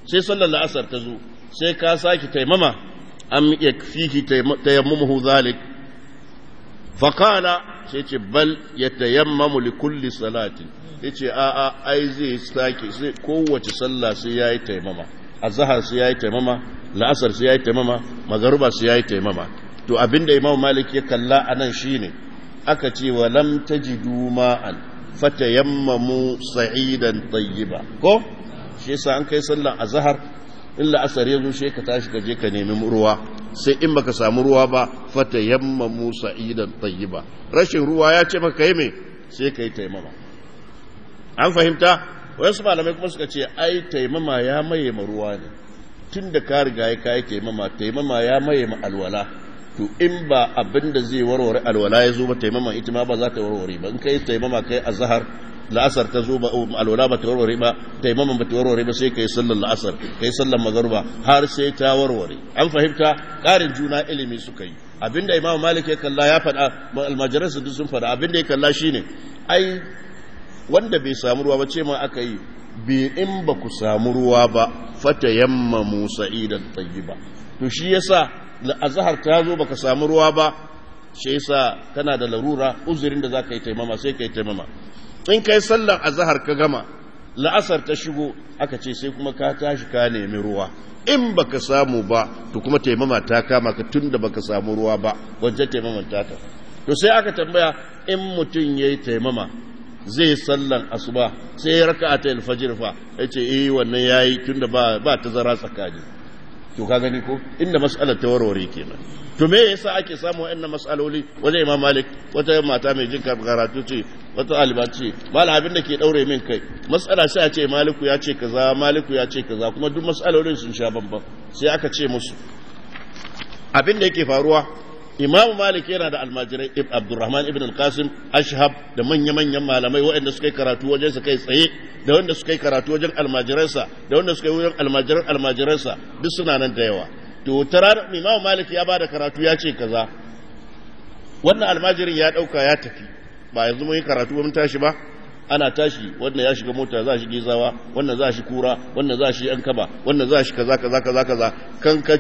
sai sallar la'asar ta zo sai ka saki taimama an ya fihi tayammamu zalik faƙala sai ce bal ya taimamu li kulli salatin yace a a ai zai sake sai kowace sallah sai ya yi taimama azahar sai ya yi taimama la'asar sai ya yi taimama magaruba sai ya yi taimama to abinda imam malik ya kalla a anan shine aka ce wa lam fata yamma mu sa'idan tayyiba ko shi yasa an kai sallan zahar in la'asar ya zo ka tashi ka je ka nemi ruwa sai in baka samu ruwa ba fata yamma mu sa'idan tayyiba rashin ruwa ya ce maka yi mai sai ka yi taimama an fahimta wasu malamai kuma suka ce ai taimama ya maye ma ruwa ne tun da ka riga ya kayi taimama taimama ya maye ma alwala to in ba abin da zai warware alwala ya zo ba taimama ita ma ba za ta warware ba in kai taimama kai azhar la'asar ta zo ba alwala ba ta warware ba taimama ba ta warware ba sai kai sallar la'asar kai sallar magharba har sai ta warware an fahimta ƙarin juna ilimi suka yi abinda imamu malik ya kalla ya faɗa almajiransa duk sun faɗa abinda ya kalla shine ai wanda bai samu ruwa ba ce ma aka yi bi in ba ku samu ruwa ba fata yamma musa idan ba to shi yasa da azhar ta zo baka samu ruwa ba shi yasa kana da larura uzurin da zaka yi taimama sai kai taimama in kai sallan azahar ka gama la'asar ta shigo aka ce sai kuma ka tashi ka nemi ruwa in baka samu ba to kuma taimama ta kama ka tunda baka samu ruwa ba wajen taimaman ta to sai aka tambaya in mutum yayi taimama zai sallan asuba sai ya raka ta alfajir fa ya ce eh wannan ya yi tun da ba ta zara tsakani to ka gani ko inda mas'alar ta warware kenan to me yasa ake samu wa'annan mas'aloli wata imam malik wata mata mai jin karatu ce wata aliba ce la abin da ke daure min kai mas'ala sai a ce maliku ya ce kaza maliku ya ce kaza kuma duk mas'alolin sun sha bambam sai aka ce musu abin da yake faruwa imamu malik yana da almajirai abdurrahman ibn al-qasim ashhab da manya-manyan malamai waɗanda suka yi karatu wajen sa kai tsaye da wanda suka yi karatu wajen sa da wanda suka yi wajen almajiran sa duk suna nan da yawa to tarar imamu malik ya bada karatu ya ce kaza wannan almajirin ya dauka ya tafi ba yanzu mun yi karatu ba mun tashi ba ana tashi wannan ya shiga mota za shi gizawa wannan za shi kura wannan za shi yan kaba wannan za shi kaza kaza kaza kaza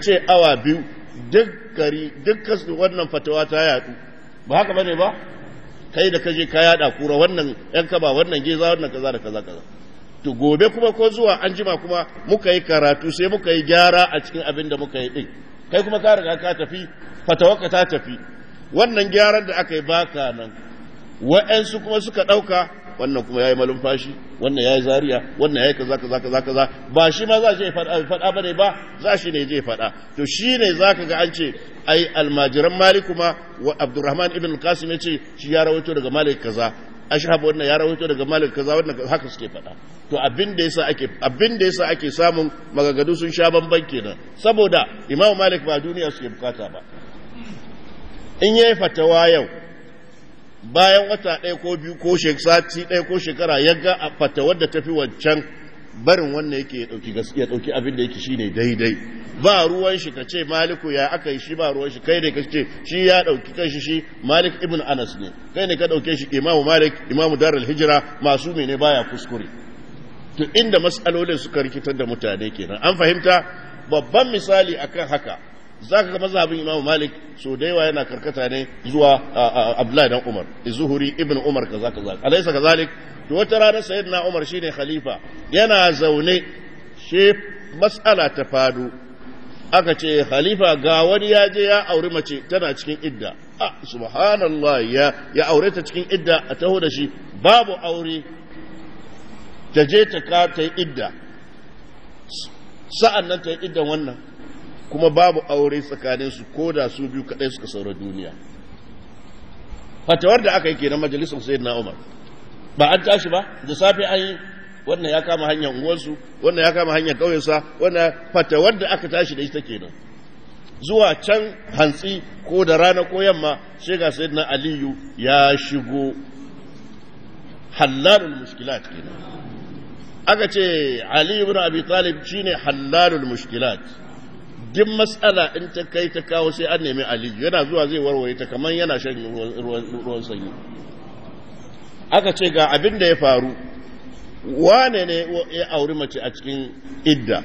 ce awa biyu duk gari duk kasu wannan fatawa ta yadu ba haka bane ba kai da kaje ka yada kura wannan yan kaba wannan za wannan kaza da kaza kaza to gobe kuma ko zuwa an jima kuma muka yi karatu sai muka yi gyara a cikin abin da muka yi din kai kuma ka riga ka tafi fatawarka ta tafi wannan gyaran da aka yi baka nan wa'ansu kuma suka ɗauka wannan kuma yayi malumfashi wannan yayi zariya wannan yayi kaza kaza kaza kaza ba shi ma za shi faɗa faɗa bane ba za shi ne je faɗa to shine zaka ga an ce ai almajiran maliku kuma wa abdurrahman ibn qasim yace shi ya rawaito daga malik kaza ashhab wannan ya rawaito daga malik kaza wannan haka suke faɗa to abin da yasa ake abin da yasa ake samun magagadu sun sha bamban kenan saboda imamu malik ba duniya suke bukata ba in yayi fatawa yau bayan wata ɗaya ko biyu ko sati ɗaya ko shekara ya ga a fata wadda ta fi wancan barin wannan yake ya ɗauki gaskiya ɗauki abin da yake shi ne daidai ba ruwan shi ka ce maliku ya aka yi shi ba ruwan shi kai ne ka ce shi ya ɗauki kan shi shi malik ibn anas ne kai ne ka ɗauke shi imamu malik imamu darar hijira masu ne baya kuskure to inda matsalolin suka rikitar da mutane kenan an fahimta babban misali akan haka Za ka kama zaɓin Imam Malik so da yawa yana karkata ne zuwa Abdullahi dan Umar Zuhuri ibn Umar kaza kaza alaysa kazalik to wata rana sayyidina Umar shine khalifa yana zaune shi mas'ala ta fado aka ce khalifa ga wani ya je ya auri mace tana cikin idda a subhanallah ya ya aure ta cikin idda a taho da shi babu aure ta je ta ka ta idda sa'an nan ta yi iddan wannan kuma babu aure tsakanin su ko da su biyu kaɗai suka saura duniya fatawar da aka yi kenan majalisar sayyid na umar ba an tashi ba da safe an yi wannan ya kama hanyar unguwarsu wannan ya kama hanyar ƙauyensa wannan fatawar da aka tashi da ita kenan zuwa can hantsi ko da rana ko yamma sai ga sayyid na aliyu ya shigo hallalul mushkilat kenan aka ce aliyu ibn abi talib shine hallalul mushkilat duk matsala in ta kai ta kawo sai an nemi aliyu yana zuwa zai warware ta kamar yana shan ruwan sanyi aka ce ga abin da ya faru wane ne ya auri mace a cikin idda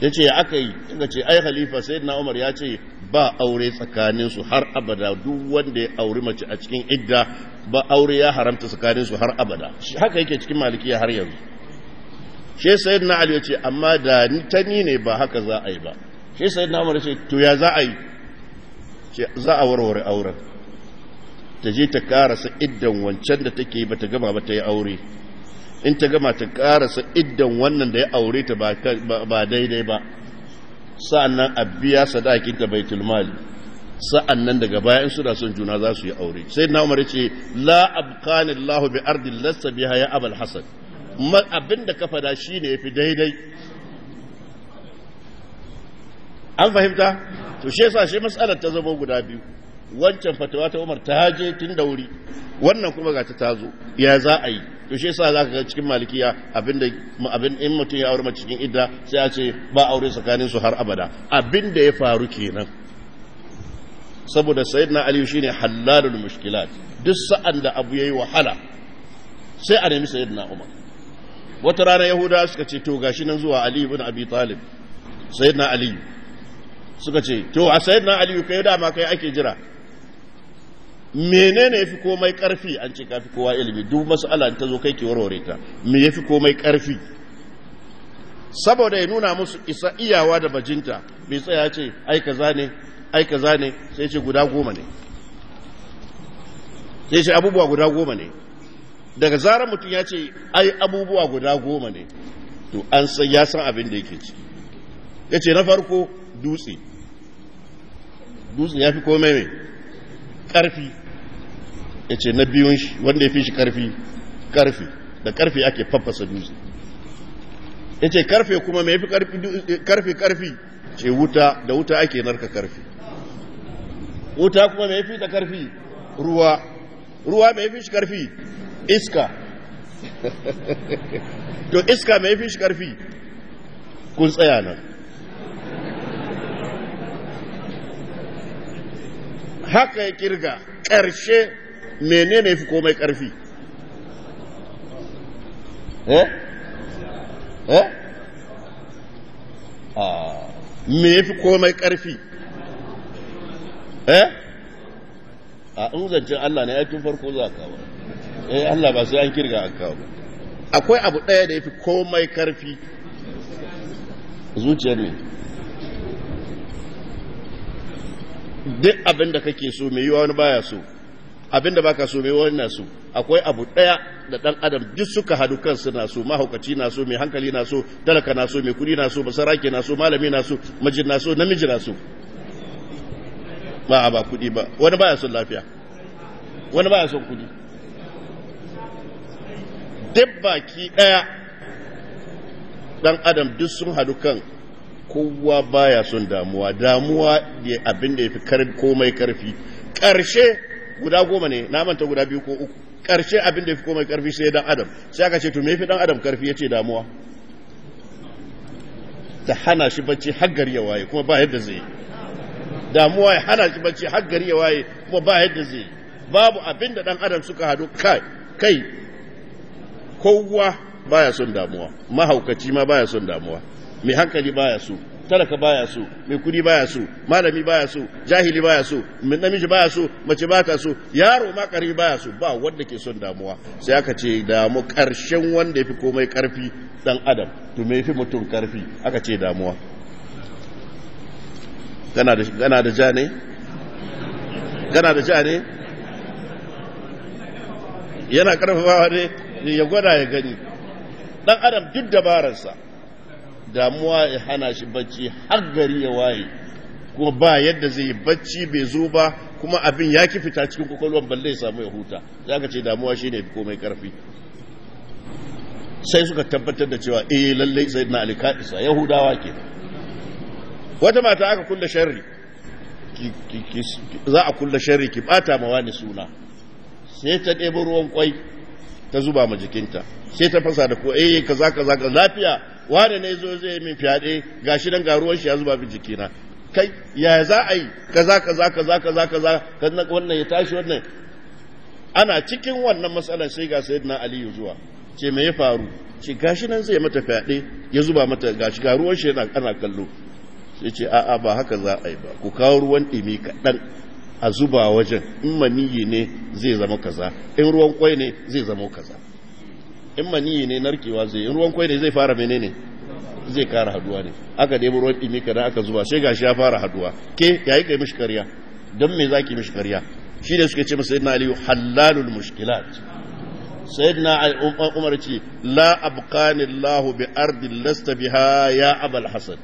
ya ce aka yi aka ce ai halifa sai na umar ya ce ba aure tsakaninsu har abada duk wanda ya auri mace a cikin idda ba aure ya haramta tsakaninsu har abada haka yake cikin malikiya har yanzu shi sayyidina ali ya ce amma da ta ni ne ba haka za a yi ba shi sai na umar ce to ya za a yi za a warware auren ta je ta karasa idan wancan da take ba ta gama ba ta yi aure in ta gama ta karasa idan wannan da ya aure ta ba daidai ba sa'annan a biya sadakinta baitul mali sa'annan daga bayan suna son juna za su yi aure sai na umar ce la abkani Allah bi ardi lassa biha ya abal hasan abinda ka fada shine fi daidai an fahimta to shi yasa shi matsalar ta zama guda biyu wancan fatawa ta Umar ta haje tun da wuri wannan kuma ga ta tazo ya za a yi to shi yasa ka ga cikin malikiya abinda abin in mutum ya aure mace cikin idda sai a ce ba aure tsakanin su har abada abinda ya faru kenan saboda sayyidina Ali shine hallalul mushkilat duk sa'an da abu yayi wahala sai a nemi sayyidina Umar wata rana yahuda suka ce to gashi nan zuwa Ali ibn Abi Talib sayyidina Ali suka ce to a na aliyu kai dama kai ake jira menene yafi komai karfi an ce kafi kowa ilimi duk mas'ala ta zo kai ke warware ta me yafi komai karfi saboda ya nuna musu isa iyawa da bajinta bai tsaya ce ai kaza ne ai kaza ne sai ce guda goma ne sai ce abubuwa guda goma ne daga zarar mutum ya ce ai abubuwa guda goma ne to an san ya san abin da yake ci ya ce na farko dutse dutse ya fi komai mai ƙarfi ya ce na biyun shi wanda ya fi shi ƙarfi ƙarfi da ƙarfi ake faffasa dutse ya ce ƙarfe kuma mai fi ƙarfi ƙarfi ce wuta da wuta ake narka ƙarfi wuta kuma mai fi da ƙarfi ruwa ruwa mai fi shi ƙarfi iska [laughs] to iska mai fi shi ƙarfi kun tsaya nan haka ya kirga ƙarshe menene fi komai ƙarfi eh eh ah me fi komai ƙarfi eh a ah, in zancen Allah ne yakin farko za ka ba eh Allah ba sai an kirga an kawo akwai abu ɗaya da ya fi komai ƙarfi zuciyar ne duk abin da kake so mai yiwa wani baya so abin da baka so mai wani na so akwai abu daya da dan adam duk suka hadu kansu na so mahaukaci na so mai hankali na so talaka na so mai kudi na so basarake na so malami na so majin na so namiji na so ba a ba kudi ba wani baya son lafiya wani baya son kudi duk baki daya dan adam duk sun hadu kan kowa baya son damuwa damuwa abin da ya fi komai karfi ƙarshe guda goma ne na manta guda biyu ko uku ƙarshe abin da ya fi komai karfi sai dan adam sai aka ce to me fi dan adam karfi ya ce damuwa ta hana shi bacci har gari ya waye kuma ba yadda zai damuwa ya hana shi bacci har gari ya waye kuma ba yadda zai babu abin da dan adam suka hadu kai kai kowa baya son damuwa mahaukaci ma baya son damuwa mai hankali baya so talaka baya so mai kudi baya so malami baya so jahili baya so namiji baya so mace bata so yaro ma karfi baya so ba wanda ke son damuwa sai aka ce damu karshen wanda yafi komai karfi dan adam to me yafi mutum karfi aka ce damuwa kana da kana da ja ne da ja ne yana karfafawa ne ya gwada ya gani dan adam duk dabararsa damuwa ya hana shi bacci har gari ya waye kuma ba yadda zai yi bacci bai zo ba kuma abin ya ki fita cikin kwakwalwa balle ya samu ya huta za ka ce damuwa shi ne komai karfi sai suka tabbatar da cewa eh lallai sai na alika yahudawa ke wata mata aka kulle sharri za a kulle sharri ki bata ma wani suna sai ta ɗebo ruwan kwai ta zuba ma jikinta sai ta fasa da ko eh kaza kaza lafiya wada ne zo zai min fyaɗe gashi nan ga ruwan shi ya zuba min jikina kai ya za a yi kaza kaza kaza kaza kaza kaza wannan ya tashi wannan ana cikin wannan matsalar sai ga sayyidina aliyu zuwa ce me ya faru ce gashi nan zai mata fyaɗe ya zuba mata gashi ga ruwan shi ana kallo sai ce a'a ba haka za a ba ku kawo ruwan ɗimi kaɗan a zuba wajen in maniyi ne zai zama kaza in ruwan kwai ne zai zama kaza in maniyi ne narkewa zai in ruwan kwai ne zai fara menene zai kara haduwa ne aka nemi ruwan dimi kada aka zuba sai gashi ya fara haduwa ke yayi kai mishi karya don me zaki mishi karya shi da suke ce masa sayyidina aliyu halalul mushkilat sayyidina um, um, umar ce la abqani allah bi ardi lasta biha ya abal hasan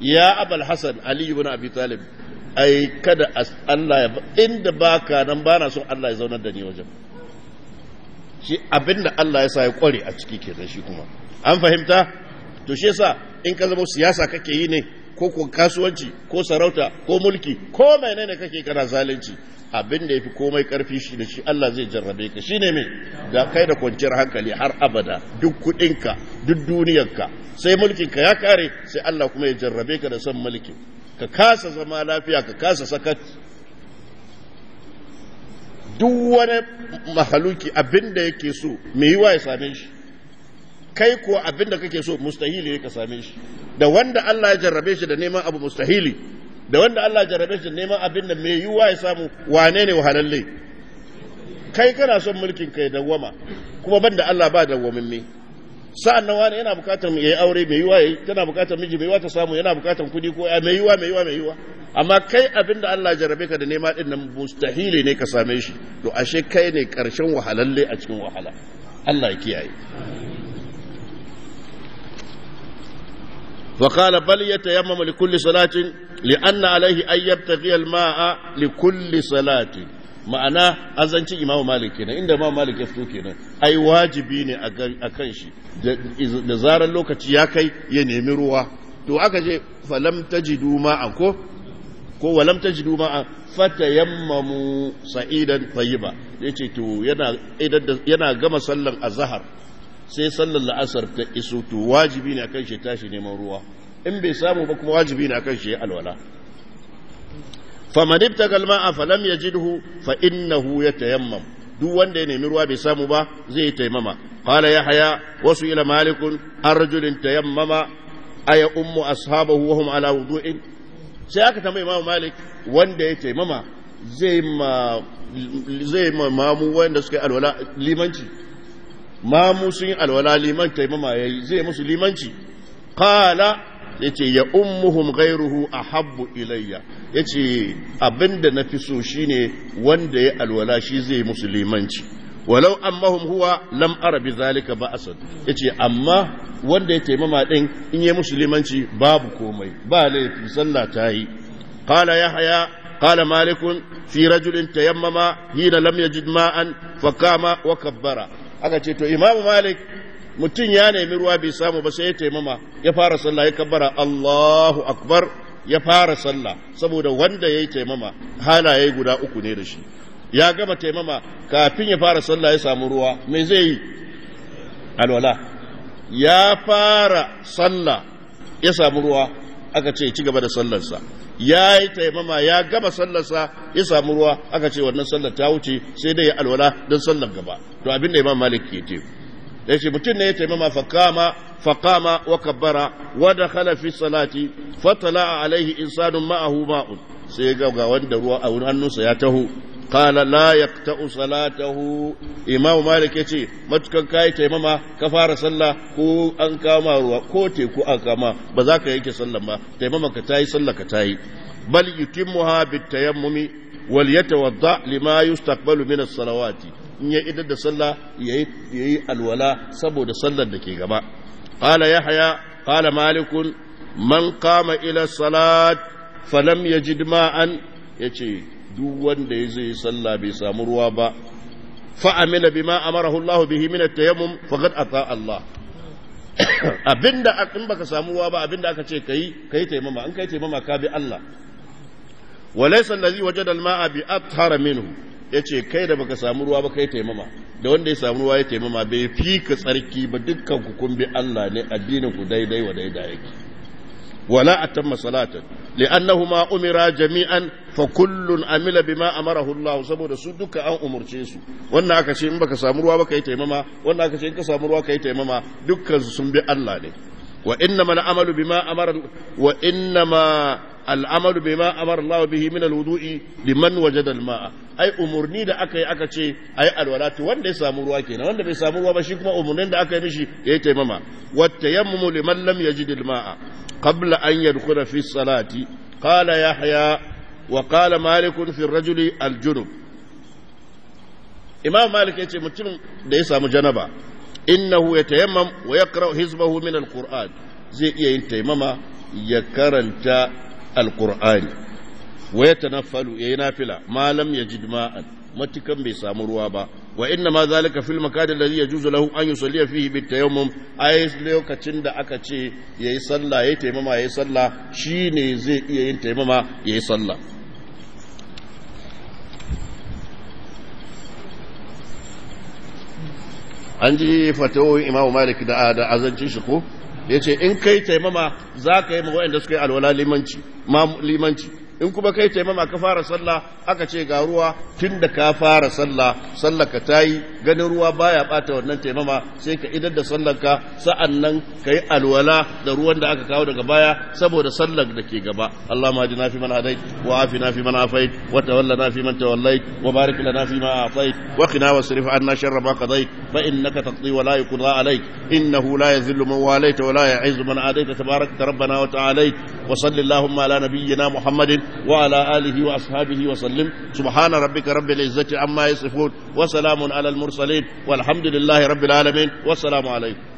ya abal hasan ali ibn abi talib ai kada Allah ya inda baka nan bana son Allah ya zaunar da ni wajen shi abinda Allah ya sa ya kware a ciki kenan shi kuma an fahimta to shi yasa in ka zama siyasa kake yi ne ko ko kasuwanci ko sarauta ko mulki ko menene kake kana zalunci abin da yafi komai karfi shi da shi Allah zai jarrabe ka shine me da kai da kwanciyar hankali har abada duk kudinka duk duniyarka sai mulkin ka ya kare sai Allah kuma ya jarrabe ka da son mulkin ka kasa zama lafiya ka kasa sakat duk wani mahaluki abin da yake so mai yiwa ya same shi kai ko abin da kake so mustahili ya ka same shi da wanda Allah ya jarrabe shi da neman abu mustahili da wanda Allah ya jarrabe shi da neman abin da mai yiwa ya samu wane ne wahalalle kai kana son mulkin kai wama kuma banda Allah ba wamin me sa'an nan wani yana bukatar mu yayi aure mai yiwa tana bukatar miji mai yiwa ta samu yana bukatar kudi ko mai yiwa mai yiwa mai yiwa amma kai abin da Allah jarabe ka da nema din nan mustahili ne ka same shi to ashe kai ne karshen wahalalle a cikin wahala Allah ya kiyaye li kulli salatin, li anna alaihi عليه أن ma'a, li kulli salatin. ma'ana azancin imamu malik kenan inda imamu malik ya fito kenan ai wajibi ne a kan shi da zarar lokaci ya kai ya nemi ruwa to aka je falam tajidu ma'a ko ko walam tajidu ma'a fatayammamu sa'idan tayyiba yace to yana yana gama sallan azhar sai sallan la'asar ta iso to wajibi ne akan shi tashi neman ruwa in bai samu ba kuma wajibi ne akan shi ya alwala faman ibtaga alma'a falam yajidhu fa innahu yatayammam duk wanda ya nemi ruwa bai samu ba zai tayammama qala yahya wasu ila malikun arjulin tayammama aya ummu ashabahu wa hum ala wudu'in sai aka tambaye imamu malik wanda ya tayammama zai ma zai ma mamu wanda suka alwala limanci mamu sun alwala liman tayammama yayi zai musu limanci qala Ya ce ya ummuhum a ahabbu ilayya yace abinda na fi so shine wanda ya alwala shi zai musulmanci walau ammahum huwa lam zalika bi zalika Ya ce amma wanda ya taimama ɗin in ya musulmanci babu komai ba laifi sallah ta yi qala kala malikun مالك في رجل تيمم حين لم ma'an fakama wa kabbara aka ce to imamu malik mutum ya nemi ruwa bai samu ba sai ya taimama ya fara sallah ya kabbara Allahu akbar ya fara sallah saboda wanda ya yi taimama halaye guda uku ne da shi ya gama taimama kafin ya fara sallah ya samu ruwa me zai yi alwala ya fara sallah ya samu ruwa aka ce ci gaba da sallarsa ya yi taimama ya gama sallarsa ya samu ruwa aka ce wannan sallar ta wuce sai dai ya alwala don sallar gaba to abin da imam malik ke teku da yace mutum ne ya taimama fakama fakama wa kabbara wa dakhala fi salati fatala a alaihi insanun ma'ahu ma'un sai ga ga wanda ruwa a hannunsa ya taho qala la ta'u salatahu imam malik yace matukan kai taimama ka fara sallah ko an kama ruwa ko teku an kama ba za ka yanke sallan ba taimama ka tayi sallah ka tayi bal yutimmuha bitayammumi wal yatawadda lima yustaqbalu min as-salawati in ya idar da sallah ya yi alwala saboda sallar da ke gaba qala haya qala malikun man kama ila salat falam yajid Ya ce duk wanda ya zai sallah bai samu ruwa ba fa'amila bima amarahu Allah bihi min at-tayammum faqad ata Allah [coughs] abinda in baka samu ruwa ba abinda aka ce kai kai taimama An kai taimama ka bi Allah Wa walaysa allazi wajada al-ma'a bi athara minhu ya ce kai da baka samu ruwa ba kai taimama da wanda ya samu ruwa ya taimama bai fi ka tsarki ba dukkan ku kun bi Allah ne addinin ku daidai wa daidai yake wala atamma salatan ma umira jami'an fa kullun amila bima amarahu Allah saboda su duka an umurce su wannan aka ce in baka samu ruwa ba kai taimama wannan aka ce in ka samu ruwa kai taimama dukkan su sun bi Allah ne wa innamal al'amalu bima amara wa innamal amalu bima amara Allah bihi min alwudu'i liman wajada alma'a ai umurni da aka yi aka ce ai alwala to wanda ya samu ruwa kenan wanda bai samu ruwa ba shi kuma umurnin da aka yi mishi yayi taimama wata yammu liman lam yajid alma'a qabla an yadkhula fi salati qala yahya wa qala malik fi ar-rajul al-junub imam malik yace mutum da ya samu janaba innahu yatayammam wa yaqra hizbahu min al-qur'an zai iya yin taimama ya karanta al-qur'ani wa yi na nafila malam ya ji ma'an matukan bai samu ruwa ba wa inna ma zalika fil makadin da ya juzu lahu an yusalli fihi bit a yi lokacin da aka ce ya yi sallah yi taimama ya yayi sallah ne zai iya yin taimama ya yi sallah an ji fatawoyin imamu malik da da azancin shi ko yace in kai taimama za ka yi mawa'in da suka yi alwala limanci in kuma kai taimama ka fara sallah aka ce ga ruwa tun da ka fara sallah sallah ka tayi ganin ruwa baya bata wannan taimama sai ka idar da sallar ka sa'an nan ka yi alwala da ruwan da aka kawo daga baya saboda sallar da ke gaba Allah ma jina fi man hadait wa afina fi man afait wa tawallana fi man tawallait wa barik lana fi ma atait wa qina wasrif anna sharra ma qadait fa innaka taqdi wa la yuqda alayk innahu la yadhillu man walayta wa la ya'izzu man adayta tabarakta rabbana wa ta'alayt wa sallallahu ala nabiyyina muhammadin وعلى آله وأصحابه وسلم سبحان ربك رب العزة عما يصفون وسلام على المرسلين والحمد لله رب العالمين والسلام عليكم